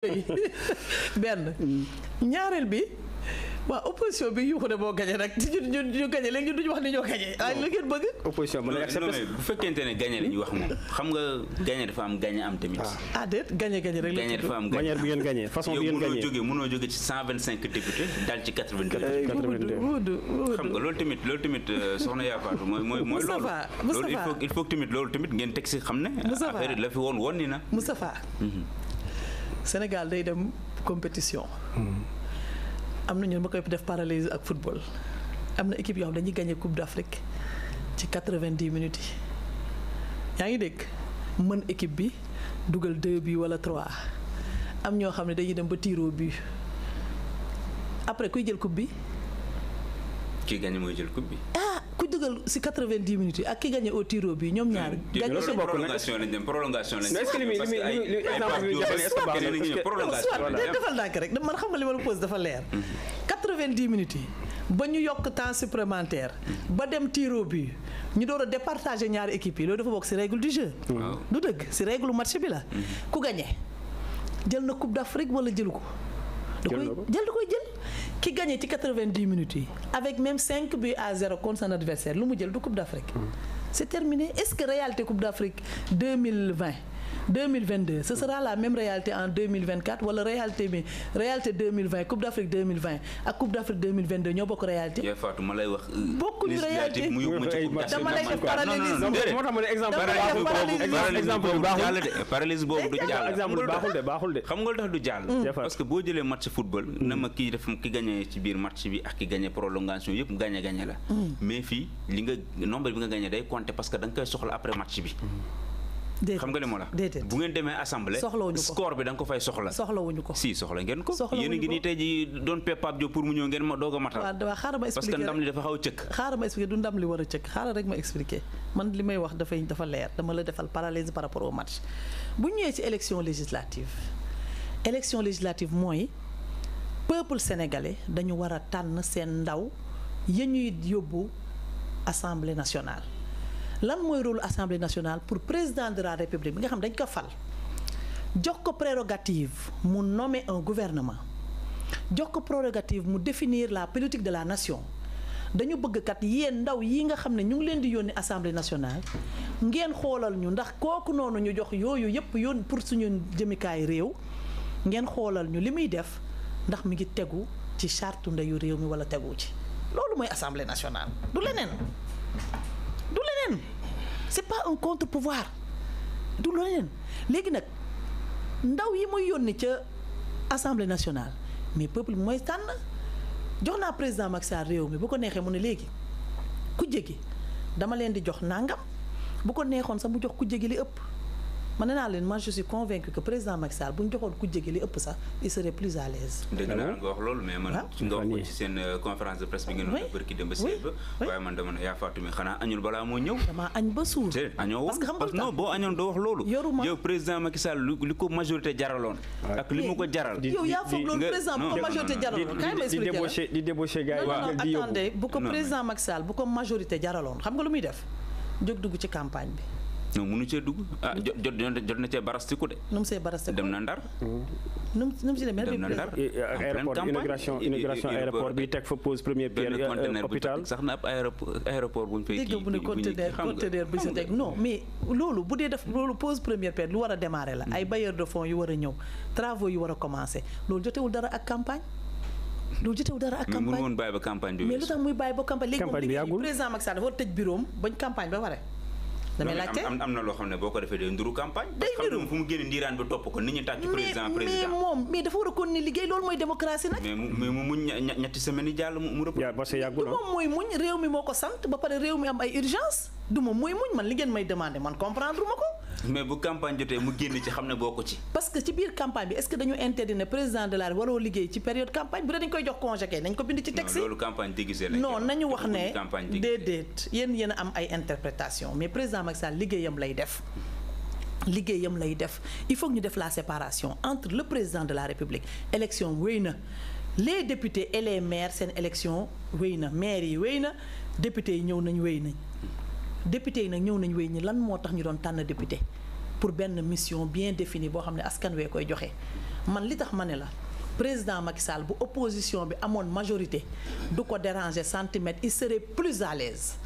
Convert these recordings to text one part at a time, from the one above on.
benn ñaareel bi waa opposition bi yuuxu ne moo gañe nag te ñu gañe léegi ñun duñu wax ni ngeen bëgg opposition bu fekkente ne gañe la ñuy wax moom xam nga gañe dafa am gañe am tamit ah, ah déet gañe gañe rek gañe dafa am gañe bi ngeen gañe façon bi ngeen gañe mënoo jóge mënoo jóge ci 125 député dal ci eh, xam nga loolu tamit loolu tamit euh, soxna Yafatou mooy mooy mooy loolu il faut il faut tamit loolu tamit ngeen teg si xam ne affaire la fi woon woon ni na Moustapha mhm. Sénégal day dem compétition. Hmm. am na ñun ma koy def parallèle ak football am na équipe yoo xam dañuy gagné coupe d' Afrique ci quatre-vingt-dix minutes yi yaa ngi dégg mën équipe bi dugal deux bi wala trois am ñoo xam ne dañuy dem ba tiro bi après kuy jël coupe bi. kiy gagné mooy jël coupe bi. Ah, dugal si 90 minutes yi ak ki gagné au tiro bi ñoom ñaar. Euh, gagné si bopp nag prolongation lañ dem est-ce que li muy li muy li defal ndànk rek man xam nga li ma la dafa leer. ba ñu yokk temps supplémentaire ba dem tiro bi ñu door a départager ñaari équipe yi loolu dafa bokk si règle du jeu. du dëgg si règle match bi la. Mm-hmm. ku gagné jël na coupe d'Afrique wala jëlu ko. da koy jël da koy jël ki gagné ci 90 minutes yi avec même 5 buts à 0 contre son adversaire lu mu jël du Coupe d'Afrique mm. c'est terminé est-ce que réalité Coupe d'Afrique 2020 2022 ce sera la même réalité en 2024 wala réalité bi réalité 2020 Coupe d'Afrique 2020 ak Coupe d'Afrique 2022 ñoo bokk réalité. yaa Fatou ma lay wax. Euh, bokkuñu réalité dama lay def parallélisme. non non exemple exemple bu baaxul parallélisme boobu du jàll. exemple baaxul de baaxul de. xam nga lu tax du jàll. Mm. parce que boo jëlee match football. Mm. na ma kii def ki gagné ci biir match bi ak ki gagné prolongation yëpp gagné gagné la. Mm. mais fii li nga nombre bi nga gagné day compter parce que da nga koy soxla après match bi. xam nga li ma la bu ngeen demee assemblée soxlawuñu ko score bi da nga ko fay soxla soxlawuñu ko si soxla ngeen ko yéen a ngi nii tey ji doon Pape Diop pour mu ñëw ngeen ma doog a matal waaw xaaral ma expliqué a du ndam li war a cëkk xaaral rek ma expliqué man li may wax dafay dafa leer dama la defal parallèle par rapport au match bu ñëwee ci élection législative élection législative mooy peuple sénégalais dañu war a tànn seen ndaw ya ñuy yóbbu assemblée nationale lan mooy rôle assemblée nationale pour président de la république bi nga xam dañ ko fal jox ko prérogative mu nommer un gouvernement jox ko prérogative mu définir la politique de la nation dañu bëgg kat yéen ndaw yi nga xam ne ñu ngi leen di yónni assemblée nationale ngeen xoolal ñu ndax kooku noonu ñu jox yooyu yëpp yoon pour suñu jëmikaay réew ngeen xoolal ñu li muy def ndax mi ngi tegu ci charte ndeyu réew mi walla tegu ci loolu mooy assemblée nationale c'est pas un contre-pouvoir du leneen léegi nag ndaw yi muy yónni ca assemblée nationale mais peuple bi mooy tànn jox naa président Macky Sall réew mi bu ko neexee mu ne léegi ku jege dama leen di jox nangam bu ko neexoon sax mu jox ku jege li ëpp. man naa leen man je suis convaincu que président Macky Sall bu ñu joxoon ku jege li ëpp sax il serait plus à l'aise dëgg la wax loolu mais man nga wax ko ci seen euh, conférence de presse bi ngeen doon bërki dem ba seet ba waaye man dama yaa Fatou xanaa añul balaa moo ñëw damaa añ ba suur te añoo boo añoon doo wax loolu yoruma yow président Macky Sall li ko majorité jaraloon ak li mu ko jaral yow yaa foog loolu président bu ko majorité jaraloon kaay ma expliqué bu ko majorité jaraloon xam nga lu muy def jóg dugg ci campagne bi non munu cee dugg ah jot jot na cee barastiku de. nu mu see barastiku dem na ndar. nu mu nu mu si dem na ndar. ak aéroport inauguration inauguration aéroport bi euh, bu ñu fay. bu ñu teg non mais loolu bu dee def loolu pose première pierre lu war a démarrer la. ay hmm. bailleurs de fonds yu war a ñëw travaux yu war a commencer loolu jotewul dara ak campagne. loolu jotewul dara ak campagne mais mënu woon bàyyi campagne bi mais lu tax campagne ba pare. damay laajte am na loo xam ne boo ko defee day nduru campagne. day nduru fu mu génn ndiiraan bi topp a continuer liggéey loolu mooy démocratie muñ réew mi moo ko sant ba pare réew mi am ay urgence du moom muñ man li ngeen may demander man comprendre ma ko. mais bu campagne jotee mu génn ci xam ne bokku ci. parce que ci biir campagne bi est-ce que dañu interdit ne président de la République waroo liggéey ci période campagne bu dee dañ koy jox congé kay nañ ko bind ci texte. non loolu campagne déguisée lañ non nañu wax ne déedéet yéen yéen a am ay interprétation mais président Macky Sall liggéeyam lay def. liggéeyam lay def il faut ñu def la séparation entre le président de la République élection wéy na les députés et seen élection wéy na maires yi wéy na députés yi ñëw nañ wéy nañ. député yi nag ñëw nañu wéy ñi lan moo tax ñu doon tànn député pour benn mission bien définie boo xam ne askan wee koy joxe man li tax ma ne la président Macky Sall bu opposition bi amoon majorité du ko déranger centimètre il serait plus à l'aise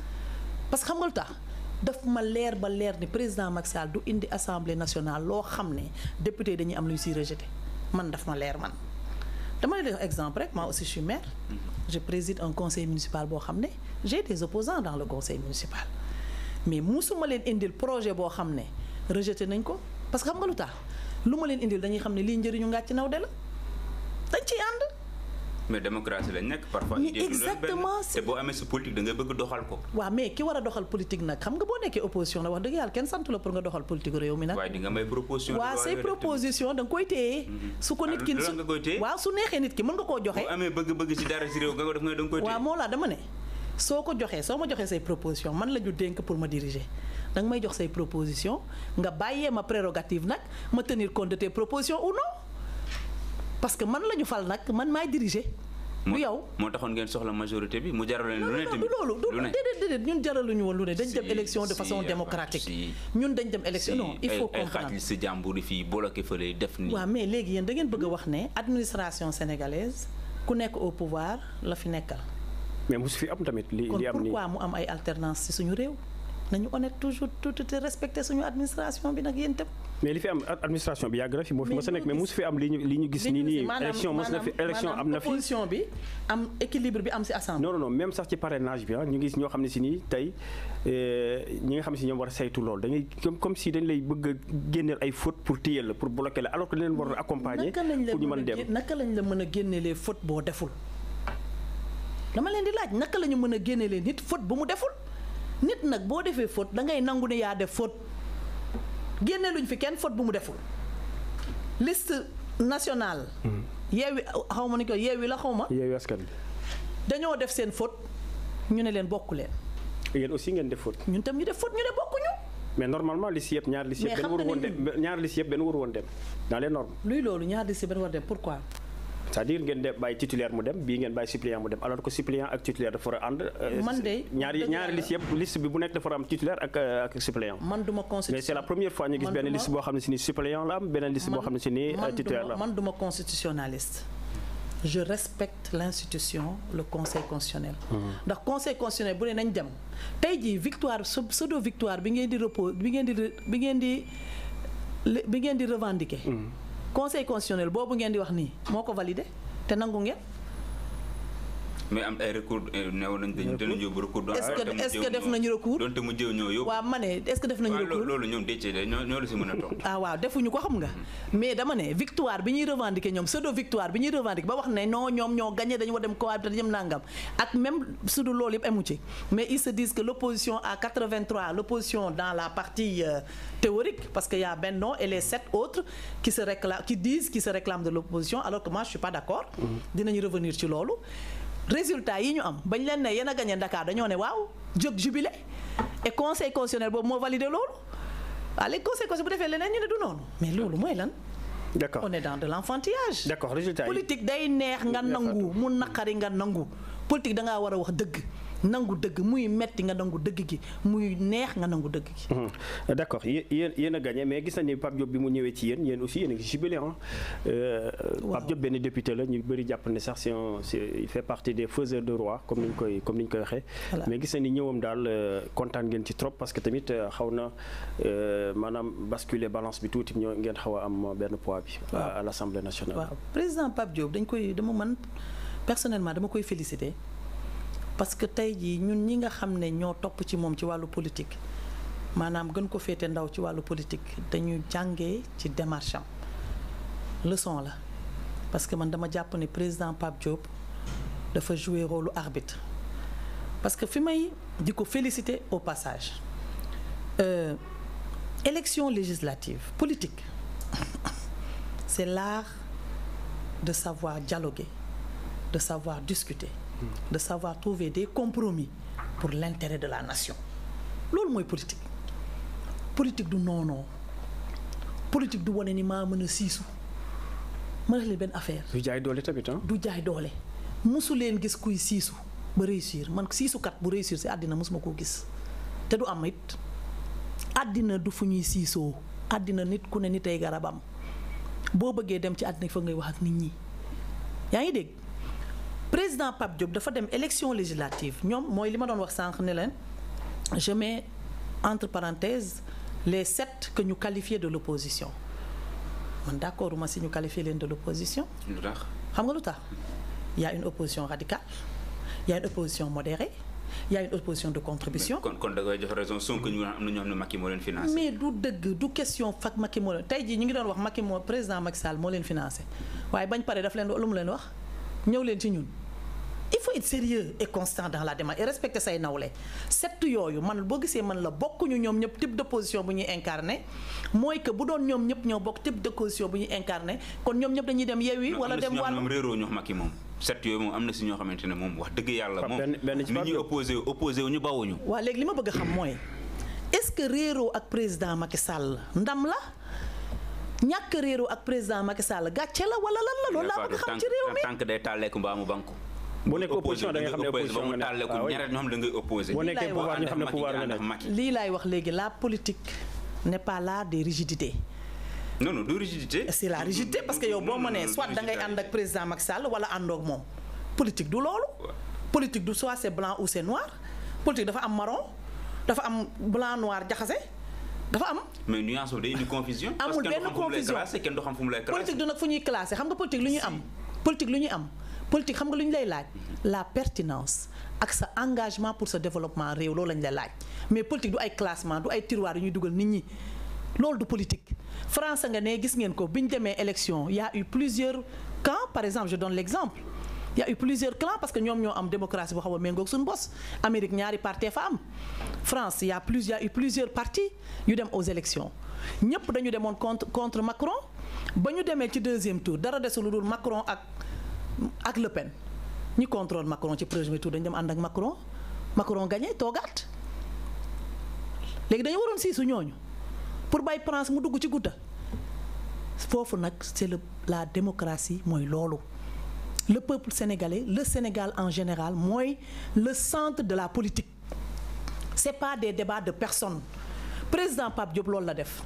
parce que xam nga lu tax daf ma leer ba leer ni président Macky Sall du indi assemblée nationale loo xam ne député dañuy am lu ñu siy rejeté man daf ma leer man. dama lay def exemple rek moi aussi je suis maire mm-hmm. je préside conseil municipal boo xam ne j'ai des opposants dans le conseil municipal. mais musuma leen indil projet boo xam ne rejeté nañ ko parce xam nga lu tax lu ma leen indil dañuy xam ne lii njëriñu ngàcc naw de la dañ ciy ànd. mais démocratie lañ nga a doxal politique nag xam nga boo nekkee opposition la wax dëgg yàlla kenn sant la pour nga doxal politique réew mi nag. waaye mhm. su ko ah, nit ki su neexee nit ki mën nga koo joxe. boo amee bëgg-bëgg ci dara ci moo laa dama ne. soo ko joxee soo ma joxee say proposition man la ñu dénk pour ma diriger danga may jox say proposition nga bàyyee ma prérogative nag ma tenir compte de tes propositions ou non parce que man la ñu fal nag man maay diriger. mu yow moo taxoon ngeen soxla majorité bi mu jaral leen lu ne tamit loolu déedéet déedéet ñun jaraluñu woon lu ne dañ dem élection de façon démocratique ñun dañ dem élection non il faut comprendre ay si jàmbur fii bloqué fële def nii waaw mais léegi yéen da ngeen bëgg wax ne administration sénégalaise ku nekk au pouvoir la fi nekkal mais mosu fi am tamit li li am nii kon pourquoi mu am ay alternance ci suñu réew nañu honnête toujours tout te respecte suñu administration bi nag yéen mais li fi am administration bi yàgg na fi moo fi mos li ñu li ñu gis. nii nii élection mos na fi élection am na bi am bi am ci assemblée. non même sax ci parrainage bi ah ñu ñoo xam ne si nii tey eh, ñi nga xam ne ci ñoom war a saytu lool dañuy comme comme si dañ lay bëgg a génneel ay fautes pour téye la pour bloquer la alors que dañ leen war a accompagner. pour ñu mën a dem naka lañ la mën a génneelee fautes boo deful. dama leen di laaj naka lañu mën a génne leen nit faute bu mu deful nit nag boo defee faute da ngay nangu ne yaa def faute génne luñ fi kenn faute bu mu deful liste nationale. Hmm. yeewi xaw ma ni ko yeewi la xaw ma. yeewi askan bi. dañoo def seen faute ñu ne leen bokku leen. yéen aussi ngeen def faute. ñu def faute ñu ne bokkuñu. mais normalement liste yëpp ñaar liste yëpp benn waru woon dem ñaar liste luy loolu ñaar liste benn war dem pourquoi. c'est-à-dire ngeen de bàyyi titulaire mu dem bii ngeen bàyyi suppléant mu dem alors que suppléant ak titulaire dafa war a ànd. Euh, man de ñaari ñaari liste yëpp bi bu nekk dafa war ak euh, ak man du ma constitution mais c'est la première fois ñu gis benn liste boo xam ne si ni euh, la am man du ma je respecte l'institution le conseil constitutionnel. Mmh. ndax conseil constitutionnel bu ne nañ dem tey jii victoire pseudo victoire bi ngeen di repos bi ngeen di bi ngeen di bi ngeen di revendiquer. Mmh. conseil constitutionnel boobu ngeen di wax nii moo ko validé te nangu ngeen. mais am ay recours eh, néew nañ dañ danañ yóbbu recours doon est-ce que def nañu recours doonte mu jëw ñoo yóbbu waaw ma ne est-ce que def nañu recours loolu ñoom décee de ñoo la si mën a toog ah waaw defuñu ko xam nga mm-hmm. mais dama ne victoire bi ñuy revendiquer ñoom pseudo victoire bi ñuy revendiquer ba wax ne non ñoom ñoo gagné dañu war dem cohabitation ñoom nangam ak même sudu loolu yëpp amu ci mais ils se disent que l'opposition à 83 l'opposition dans la partie euh, théorique parce que y a Benno et les sept autres qui se réclament qui disent qu'ils se réclament de l'opposition alors que moi je suis pas d'accord mm-hmm. dinañu revenir ci loolu résultat yi ñu am bañ leen ne yéen a gagné Dakar dañoo ne waaw jóg jubile et conseil constitutionnel boobu moo validé loolu waaw ah, léegi conseil constitutionnel bu defee leneen ñu ne du noonu mais loolu mooy lan. d'accord on est dans de l'enfantillage. d'accord résultat yi politique day neex nga nangu mu naqari nga nangu politique da ngaa war a wax dëgg. nangu dëgg muy metti nga nangu dëgg gi muy neex nga nangu dëgg gi. Hmm. d' accord yéen yéen a mais gis nañ ne Pape bi mu ñëwee ci yéen yéen aussi yéen a ngi jubilé ah. benn député la ñu bëri jàpp ne sax si on fait partie des faiseurs de roi comme ni ñu koy comme ni ñu koy waxee. mais gis nañ ni ñëwam daal euh, kontaan ngeen ci trop parce que tamit euh, xaw na maanaam basculer balance bi tuuti ñoo ngeen xaw a am benn poids bi. à l' assemblée nationale. waaw président Pape Diop dañ koy dama man personnellement dama koy félicité. parce que tey jii ñun ñi nga xam ne ñoo topp ci moom ci wàllu politique maanaam gën ko féete ndaw ci wàllu politique dañu jàngee ci démarche am leçon la parce que man dama jàpp ne président Pape Diop dafa jouer rolu arbitre parce que fi may di ko féliciter au passage euh, élection législative politique c'est l'art de savoir dialoguer de savoir discuter de savoir trouver des compromis pour l'intérêt de la nation loolu mooy politique politique du noonoo politique du wane ni maa mën a siisu ma ne leen benn affaire. du jaay doole tamit du jaay doole mosu leen gis kuy siisu ba réussir man siisukat bu réussir si àddina mosuma koo gis te du am it àddina du fu ñuy siisoo àddina nit ku ne nitay garabam boo bëggee dem ci àddina foog ngay wax ak nit ñi yaa ngi dégg. président Pape Diop dafa dem élection législative ñoom mooy li ma doon wax sànq ne leen je mets entre parenthèses les sept que ñu qualifié de l'opposition man d'accord ma si ñu qualifié leen de l'opposition lu tax xam nga lu tax y a une opposition radicale y a une opposition modérée y a une opposition de contribution. kon kon da ngay jox ñoo xam ne Macky moo leen financé. mais du dëgg du question fak Macky moo leen tey jii ñu ngi doon wax Macky moo président Macky Sall moo leen financé waaye bañ pare daf leen lu mu leen wax ñëw leen ci ñun. il faut être sérieux et constant dans la démarche et respecter say nawle settu yooyu man boo gisee man la bokkuñu ñoom ñëpp type de position bu ñuy incarné mooy que bu doon ñoom ñëpp ñëw bokk type de position bu ñuy incarné kon ñoom ñëpp dañuy dem yeewi wala dem wàllu moom réeroo ñoo xamante moom set yooyu moom am na si ñoo xamante ne moom wax dëgg yàlla moom ni ñuy opposé opposé wu ñu bawuñu waaw léegi li ma bëgg a xam mooy est-ce que réeroo ak président Macky Sall ndam la ñàkk réeroo ak président Macky Sall gàcce la wala lan loolu laa bëgg xam ci réew banku boo nekk opposition da nga xam ne opposition nga nekk waaw ñaareel lii laay wax léegi la politique n'est pas l'art des rigidités. du rigidité. c'est la rigidité parce que yow boo mënee soit da ngay ànd ak président Macky Sall wala àndoog moom politique du loolu. politique du soit c'est blanc ou c'est noir politique dafa am marron dafa am blanc noir jaxase. dafa am mais nuance boobu day indi confusion. amul benn confusion parce du xam fu mu lay classé kenn du xam fu mu nag fu ñuy classé xam nga politique lu ñuy am. politique lu ñuy am. politique xam nga lu ñu lay laaj la pertinence ak sa engagement pour sa développement réew loolu lañ lay laaj mais politique du ay classement du ay tiroir yu ñuy dugal nit ñi loolu du politique France nga ne gis ngeen ko bi ñu demee élection y a eu plusieurs camps par exemple je donne l'exemple y a eu plusieurs clans parce que ñoom ñoo am démocratie boo xam ne méngoog suñu bos Amérique ñaari parti fa am France y plus y a eu plusieurs partis yu dem ñëpp dañu demoon contre contre Macron ba ñu demee ci deuxième tour dara desul lu dul Macron ak ak Le Pen ñi contrôle Macron ci premier tour dañu dem ànd ak Macron Macron gagné toogaat léegi dañu waroon siisu ñooñu pour bay France mu dugg ci gudda foofu nag c'est le la démocratie mooy loolu le peuple sénégalais le Sénégal en général mooy le centre de la politique c'est pas des débats de personne président Pape Diop loolu la def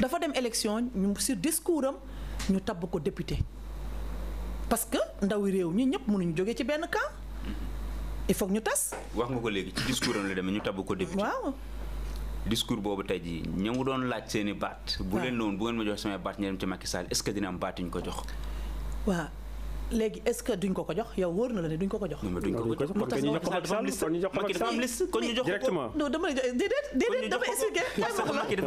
dafa dem élection ñu sur discours am ñu tabb ko député parce que ndawi réew ñi ñëpp mënuñu jóge ci benn camp il faut ñu tas. wax nga ko léegi ci discours am la demee ñu tabb ko député. waaw discours boobu tey jii ñëw doon laaj seen i baat. bu leen noonu bu ngeen ma jox samay baat ñu ko jox. waaw léegi est-ce ko jox yow wóor na la ne duñ ko ko jox. duñ ko ko am liste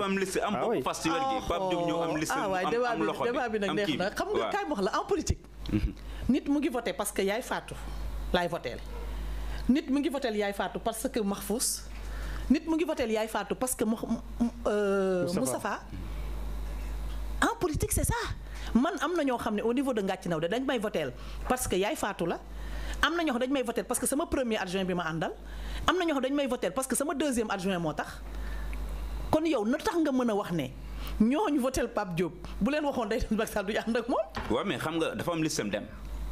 am liste ah fas ci wér gi Pape Diop ñëw am liste ah, ah, am loxo am kii bi waaw nag neex na xam nga kaay wax en politique nit mu ngi voté parce que yaay faatu laay voteel nit mu ngi voteel yaay faatu parce que Mahfous nit mu ngi voteel yaay faatu parce que euh, Moustapha en politique c'est ça man am na ñoo xam ne au niveau de naw de dañ may voteel parce que yaay faatu la am na ñoo xam dañ may voteel parce que sama premier adjoint bi ma àndal am na ñoo xam dañ may voteel parce que sama deuxième adjoint moo tax kon yow na tax nga mën a wax ne ñooñu votel Pape Diop bu leen waxoon day dem Macky Sall du ñu ànd ak moom. waaw mais xam nga dafa am liste dem.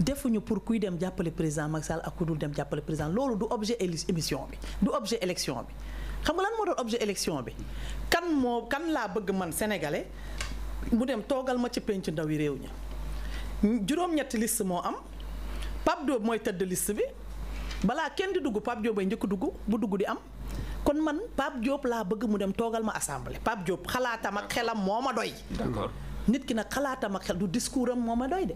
defuñu pour kuy dem jàppale président Macky ak ku dul dem jàppale président loolu du objet émission bi du objet élection bi xam nga lan moo doon objet élection bi kan moo kan laa bëgg man sénégalais mu dem toogal ma ci penc ndaw yi réew ña juróom-ñetti liste moo am Pape Diop mooy tëdd liste bi balaa kenn di dugg Pape Diop njëkk dugg bu dugg di am kon man Pape Diop laa bëgg mu dem toogal ma assemblée Pape Diop xalaatam ak xelam moo ma doy. d'accord nit ki nag xalaatam ak xel du discours am moo ma doy de.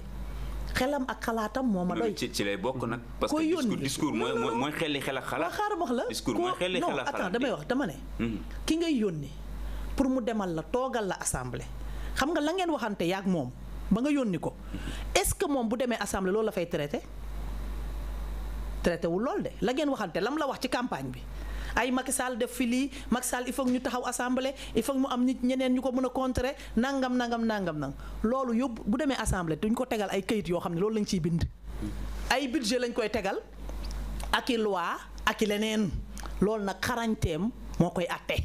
xelam ak xalaatam moo ma doy. ci ci lay bokk nag. parce que discours mooy mooy xeli xel ak xalaat. xaar wax la discours mooy xeli xel ak xalaat damay wax dama ne. Hmm. ki ngay yónni pour mu demal la toogal la assemblée xam nga la ngeen waxante yaag moom ba nga yónni ko est-ce que moom bu demee assemblée loolu la fay traité traité wu lool de la ngeen waxante lam la wax ci campagne bi. ay Macky Sall def fi lii Macky Sall il faut ñu taxaw assemblée il faut mu am nit ñeneen ñu ko mën a contrer nangam nangam nangam nag loolu yóbbu bu demee assemblée duñ ko tegal ay kayit yoo xam ne loolu lañ ciy bind. ay budget lañ koy tegal ak i loi ak i leneen loolu nag xarañteem moo koy atte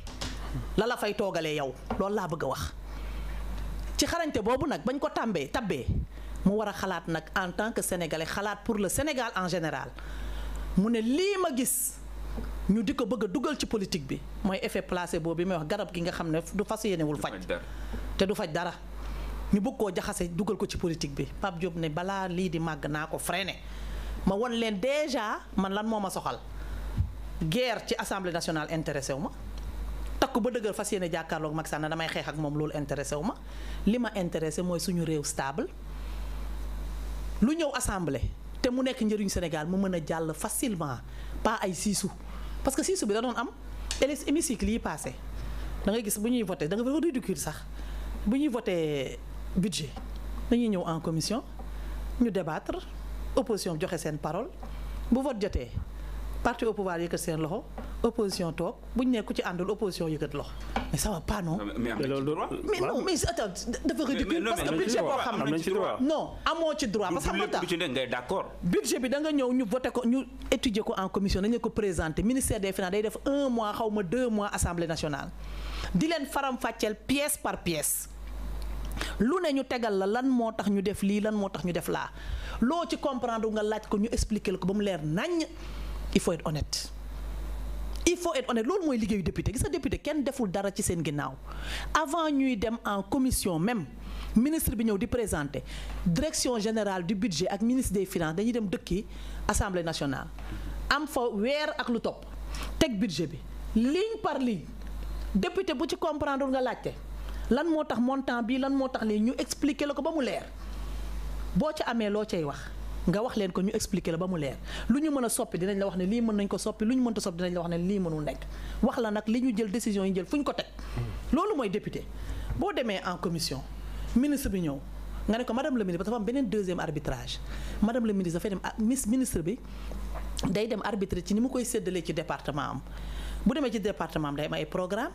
la la fay toogalee yow loolu laa bëgg a wax ci xarañte boobu nag bañ ko tàmbee tabbee mu war a xalaat nag en tant que sénégalais xalaat pour le Sénégal en général mu ne ñu di ko bëgg dugal ci politique bi mooy effet placebo bi may wax garab gi nga xam ne du fas yéenewul faj te du faj dara ñu bëgg koo jaxase dugal ko ci politique bi Pape Diop ne balaa lii di màgg naa ko freiné ma won leen déjà man lan moo ma soxal guerre ci assemblée nationale intéressé wu ma takku ba dëgër fas yéene jàkkaarloog Macky Sall na damay ak moom loolu intéressé wu ma li ma intéressé mooy suñu réew lu ñëw assemblée te mu nekk njëriñu Sénégal mu mën a jàll facilement pas ay siisu parce que siisu bi da doon am élec hémicycle yi passé da ngay gis bu ñuy voté da nga fa ridicule sax bu ñuy voté budget dañuy ñëw en commission ñu débattre opposition joxe seen parole bu vote jotee parti au pouvoir yëkkat seen loxo opposition toog bu ñu nekk ku ci àndul opposition yëkkat loxo mais ça va pas non. mais am nañ ci droit mais non mais attends dafa ridicule parce que budget boo xam ne non amoo ci droit parce xam ne ngay d'accord budget bi da nga ñëw ñu voté ko ñu étudier ko en commission dañu ko présenté ministère des finances day def un mois xaw ma deux mois assemblée nationale di leen faram fàcceel pièce par pièce lu ne ñu tegal la lan moo tax ñu def lii lan moo tax ñu def laa loo ci comprendre nga laaj ko ñu expliquer ko ba mu leer naññ il faut être honnête il faut être honnête loolu mooy liggéeyu député gis nga député kenn deful dara ci seen ginnaaw avant ñuy dem en commission même ministre bi ñëw di présenter direction générale du budget ak ministre des finances dañuy dem dëkki assemblée nationale am fa weer ak lu topp teg budget bi ligne par ligne député bu ci comprendre nga laajte lan moo tax montant bi lan moo tax lii ñu expliquer la ko ba mu leer boo ci amee loo cay wax nga wax leen ko ñu expliquer la ba mu leer lu ñu mën a soppi dinañ la wax ne lii mën nañ ko soppi lu ñu mënta soppi dinañ la wax ne lii mënul nekk wax la nag li ñu jël décision yi jël fu ñu ko teg loolu mooy député boo demee en commission ministre bi ñëw nga ne ko madame le ministre dafa am beneen deuxième arbitrage madame le ministre dafay dem ah, miss ministre bi day dem arbitre ci ni mu koy séddalee ci département am bu demee ci département am day am ay programme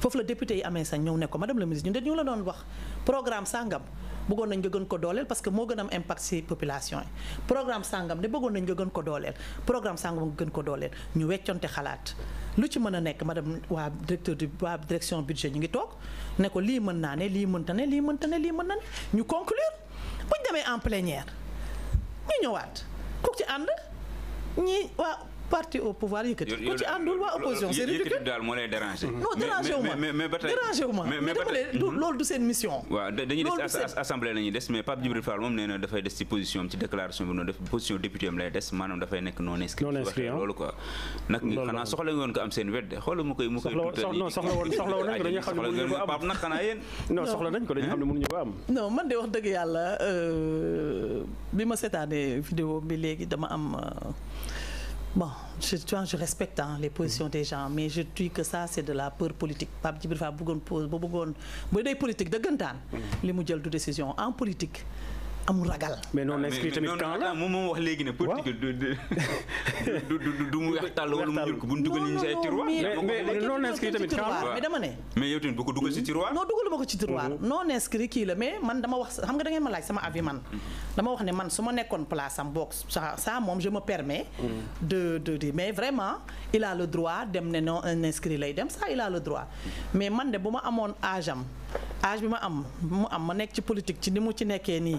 foofu la député yi amee sañ ñëw ne ko madame la ministre ñun de ñu la doon wax programme sàngam bëggoon nañ nga gën ko dooleel parce que moo gën am impact ci population yi programme sàngam de bëggoon nañ nga gën ko dooleel programme sàngam nga gën ko dooleel ñu wecconte xalaat lu ci mën a nekk madame waa directeur du waa direction budget ñu ngi toog ne ko lii mën naa ne lii mënta ne lii mënta ne lii mën na ne ñu conclure buñ demee en plénière ñu ñëwaat ku ci ànd ñi waa parti au pouvoir yëkkati ku ci àndul waa opposition c'est ridicule daal moo lay déranger non déranger wu ma déranger wu ma mais dama leen loolu du seen mission waaw dañuy des assemblée la ñuy des mais Pape Djibril Fall moom nee dafay des ci position am ci déclaration bi noonu def position député lay des maanaam dafay nekk non inscrit loolu dañu xam ne mënuñu ko ko am non man de wax dëgg yàlla euh, bi ma seetaanee vidéo bi léegi dama am euh, bon je tu vois je respecte hein, les positions des gens mais je dis que ça c'est de la peur politique Pape Djibril Fall bëggoon pose ba bëggoon ba day politique dëggantaan mm. li mu jël du décision en politique amul ragal. mais non ah, inscrit tamit camp la moom moom wax léegi ne politique du du du du mu weex tàll wala mu ñuul ko bu ñu dugal ñu say dama ne. mais yow tamit boo ko dugal si tiroir. non dugaluma ko mhm. mais man dama wax xam nga da ngeen ma laaj sama avis man. Mhm. dama wax ne man su ma nekkoon place am boog ça ça moom je me permets. Mhm. de de mais vraiment il a le droit dem ne no un inscrit lay dem ça il a le droit mais man de bu ma amoon âge am âge bi ma am mu am ma nekk ci politique ci ni mu ci nekkee nii.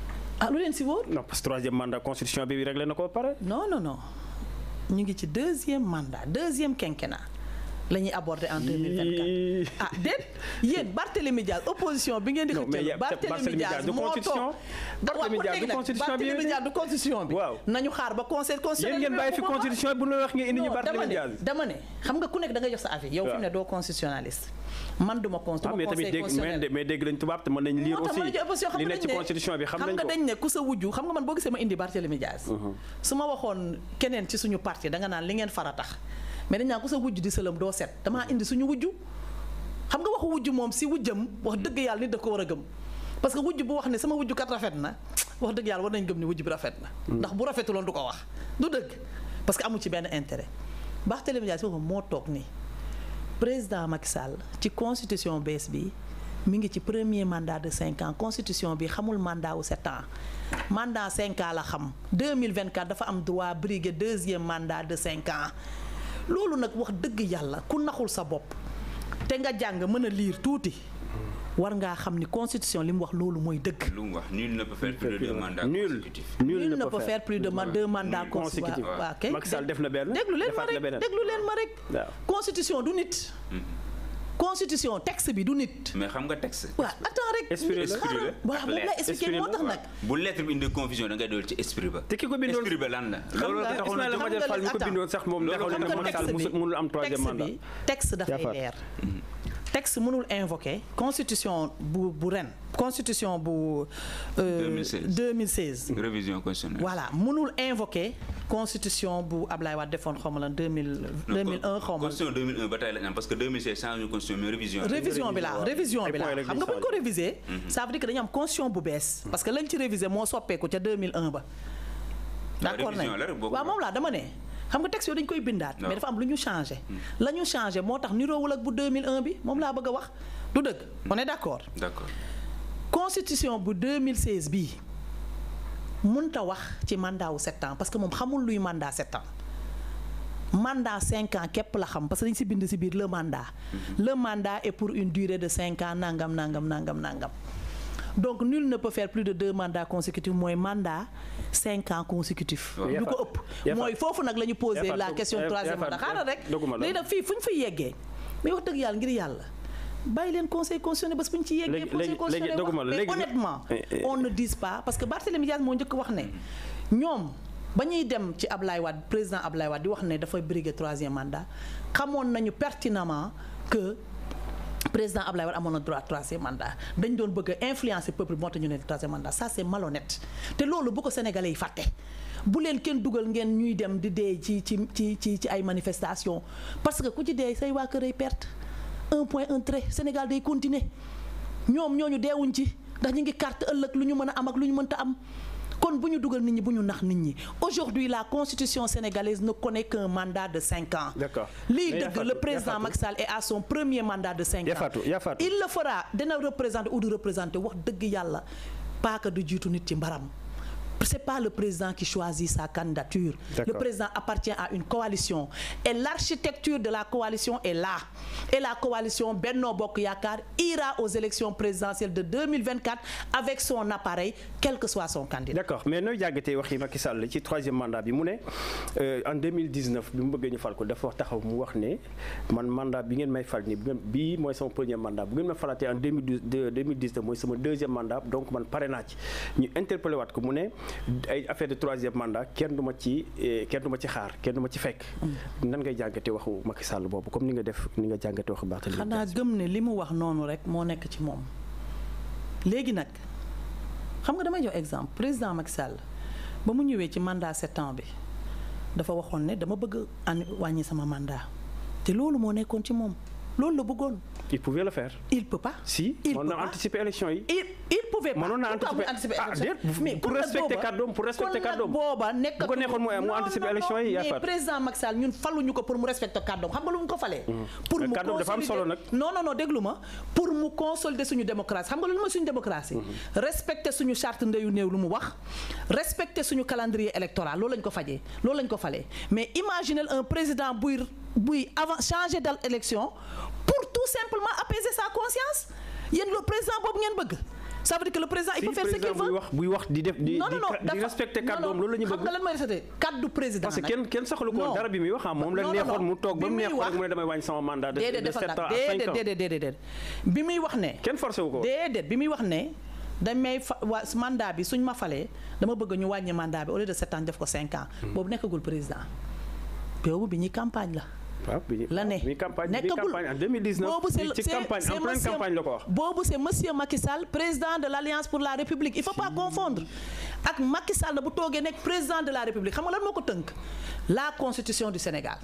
ah lu leen si wóor. non parce que troisième mandat constitution bi réglé na ko ba pare. no non non ñu ngi ci deuxième mandat deuxième quinquennat la ñuy aborder en 2024. ah déet yéen Barthélémy opposition bi ngeen di. non mais Barthélémy du constitution. bi Barthélémy Diaz du constitution bi. waaw nañu xaar ba conseil constitutionnel. yéen ngeen bàyyi fi constitution bu ñu la wax ngeen indi ñu Barthélémy dama ne xam nga ku nekk da nga jox sa avis. yow fi ne doo constitutionnaliste. man duma constitution ah, mais tamit dégg mais dégg nañ tubaab te mën nañ lire aussi li nekk ci constitution bi xam nañ nga dañ ne ku sa wujju xam nga man boo gisee ma indi Barthélemy Diaz uh-huh. su ma waxoon keneen ci suñu parti danga naan li ngeen fara tax mais dañ naan ku sa wujju di sëlam doo set damaa uh-huh. indi suñu wujju xam nga waxu wujju moom si wujjam wax dëgg yàlla nit da ko war a gëm parce que wujju bu wax ne sama wujju kat rafet na wax dëgg yàlla war nañ gëm ni wujju bi rafet na mm. ndax bu rafetuloon du ko wax du dëgg parce que amu ci benn intérêt Barthélemy Diaz si moo toog nii président Macky Sall ci constitution bees bi mu ngi ci premier mandat de cinq ans constitution bi xamul mandat wu sept ans mandat cinq ans la xam deux mille 2024 dafa am droit briguer deuxième mandat de cinq ans loolu nag wax dëgg yàlla ku naxul sa bopp te nga jàng mën a liir tuuti war ngaa xam ni constitution li mu wax loolu mooy dëgg. lu mu wax nul ne peut faire plus de deux mandats consécutifs. nul ne peut faire plus de deux mandats consécutifs. waaw kay Macky Sall def na benn déglu leen ma rek déglu leen ma rek. constitution du nit. Hmm. constitution texte bi du nit. mais xam nga texte. waaw attends rek. esprit la waaw moom la expliqué moo tax nag. bu lettre bi indi confusion da ngay dool ci esprit ba. te ki ko bindoon esprit ba lan la. loolu taxoon na Ismaïla Madior Fall mi ko bindoon sax moom. loolu xam nga texte bi mënul am troisième mandat. texte bi texte dafay leer. Hmm. texte mënul invoqué constitution bu bu ren constitution bu. Euh, 2016 2016. révision constitutionnelle. voilà mënul invoqué constitution bu Ablaye Wade defoon xaw ma lan deux mille. deux mille un xaw ma constitution 2001 ba tey la la révision bi la xam nga bu ñu ko réviser. Mhm. ça veut dire que dañu am constitution bu bees. parce que lañ ci réviser moo soppeeku ca 2001 ba. d' accord nañ waaw moom laa dama ne. xam nga texte yooyu dañ koy bindaat. mais dafa am lu ñu changé. la ñu changé moo tax niroowul ak bu 2001 bi moom laa bëgg a wax du dëgg. on est d' accord. d' accord constitution bu 2016 bii ta wax ci mandat wu 7 parce que moom xamul luy mandat 7 ans. mandat cinq ans képp la xam parce que dañ si bind si biir le mandat. Mm-hmm. le mandat et pour une durée de cinq ans nangam nangam nangam nangam. donc nul ne peut faire plus de deux mandats consécutifs mooy mandat cinq ans consécutifs lu ko ëpp mooy foofu nag la ñu poser la question troisième mandat xaaral rek léegi nag fii fu ñu fiy yeggee mais wax dëgg yàlla ngir yàlla bàyyi leen conseil constitutionnel ba ñu ci yeggee conseil constitutionnel wax mais honnêtement eh, eh, eh. on ne dise parce que Barthélémy Dias moo njëkk wax ne ñoom ba ñuy dem ci ab Ablaye Wade président Ablaye Wade di wax ne dafay briguer troisième mandat xamoon nañu pertinemment que président Ablaye Wade amoon na droit troisième mandat dañ doon bëgg a influencer peuple moo tax ñu ne troisième mandat ça c'est malhonnête te loolu bu ko sénégalais yi fàtte bu leen kenn dugal ngeen ñuy dem di dee ci ci ci ci ci ay manifestation parce que ku ci dee say waa kër ay perte un point un Sénégal day continuer ñoom ñooñu deewuñ ci ndax ñu ngi carte ëllëg lu ñu mën a am ak lu ñu mënta am kon bu ñu dugal nit ñi bu ñu nax nit ñi aujourd'hui la constitution sénégalaise na connaît qu'un mandat de cinq ans. li lii le président Macky Sall est à son premier mandat de cinq ans. il le fera dina représenter ou du représenter wax dëgg yàlla paaka du jiitu nit ci mbaram. c'est pas le président qui choisit sa candidature. Le président appartient à une coalition. Et l'architecture de la coalition est là. Et la coalition Benno Bokk Yakaar ira aux élections présidentielles de 2024 avec son appareil, quel que soit son candidat. D'accord mais nooy jàggatee waxi Macky Sall ci troisième mandat bi mu ne euh, en 2019 bi mu bëggee ñu fal ko dafa taxaw mu wax ne man mandat bi ngeen may fal ni bii mooy sama premier mandat bu ngeen ma falatee en 2019 mooy sama deuxième mandat donc man pare naa ci waat ko mu ne ay affaire de troisième mandat kenn du ma ci eh, kenn ma ci xaar kenn du ma ci fekk. Mm. nan ngay jàngate waxu Macky Sall boobu comme ni nga def ni nga jàngate waxu Barthélémy. xanaa gëm ne li mu wax noonu rek moo nekk ci moom léegi nag xam nga damay jox exemple président Macky Sall ba mu ñëwee ci mandat sept bi dafa waxoon ne dama bëgg an wàññi sama mandat te loolu moo nekkoon ci moom. loolu la bëggoon. il pouvait le faire. il peut pas. si il on peut a anticipé élection yi. il il pouvait pas mënoon na anticiper ah déet pour respecter kàddoom pour respecter kàddoom. booba nekk bu ko nekkoon mu mu anticiper élection yi. mais président Macky Sall ko pour mu respecter kàddoom xam nga lu mu ko mm. pour mu kàddoom dafa am solo nag. non non non déglu ma pour mu consolider suñu démocratie xam nga lu ma suñu démocratie. Mm-hmm. respecter suñu charte ndeyu néew lu mu wax. respecter suñu calendrier électoral loolu lañ ko fajee loolu lañ ko falee mais imaginez un président buy. buy avant changer dal élection pour tout simplement apaiser sa conscience yéen le président boobu ngeen bëgg ça veut dire que le président il peut faire ce qu'il wax buy wax di def di di respecter kàddoom loolu ñu bëgg xam nga lan mooy respecter kàddu président parce que kenn kenn bi wax ah moom la neexoon mu toog ba mu neex rek mu ne damay wax ne kenn forcé wu ko déedéet bi muy wax ne damay fa waa mandat bi suñ ma falee dama bëgg ñu wàññi mandat bi au def ko 5 ans hmm. boobu nekkagul président boobu bi ñuy campagne la la ne nekkagul boobu c'est boobu c'est monsieur Macky Sall président de l'alliance pour la république il faut pas confondre ak Macky Sall bu toogee nekk président de la république xam nga lan moo ko tënk la constitution du Sénégal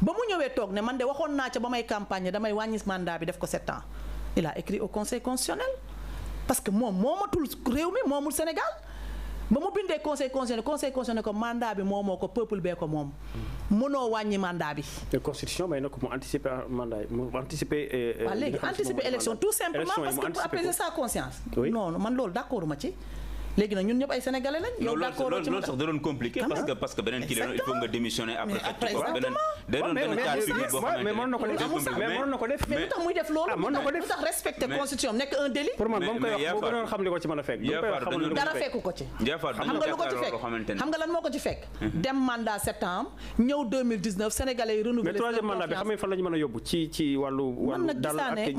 ba mu ñëwee toog ne man de waxoon naa ca ba may campagne damay wàññi mandat bi def ko sept ans il a écrit au conseil constitutionnel parce que moom moomatul réew mi moomul Sénégal ba mu bindee conseil constitutionnel conseil constitutionnel ko mandat bi moo moo ko peuple bee ko moom. mënoo wàññi mandat bi. te constitution may na ko mu anticiper mandat mu anticiper. Euh, euh, waaw léegi anticiper élection tout simplement parce que apaiser sa conscience. non man loolu d'accord ma ci. léegi nag ñun ñëpp ay sénégalais lañ. yow d'accord loolu loolu sax parce que beneen kii nga démissionner après. après mais mais mën na ko def. mais ah, mën na ko def mais lu ko def lu tax respecter constitution nekk ko ci fekk. dara fekku ko ci. xam nga lu ko ci fekk xam nga lan moo ko ci fekk. Uh-huh. dem mandat sept ñëw 2019 sénégalais mais troisième mandat bi xam nga fan la ñu mën a yóbbu ci ci wàllu wàllu dal ak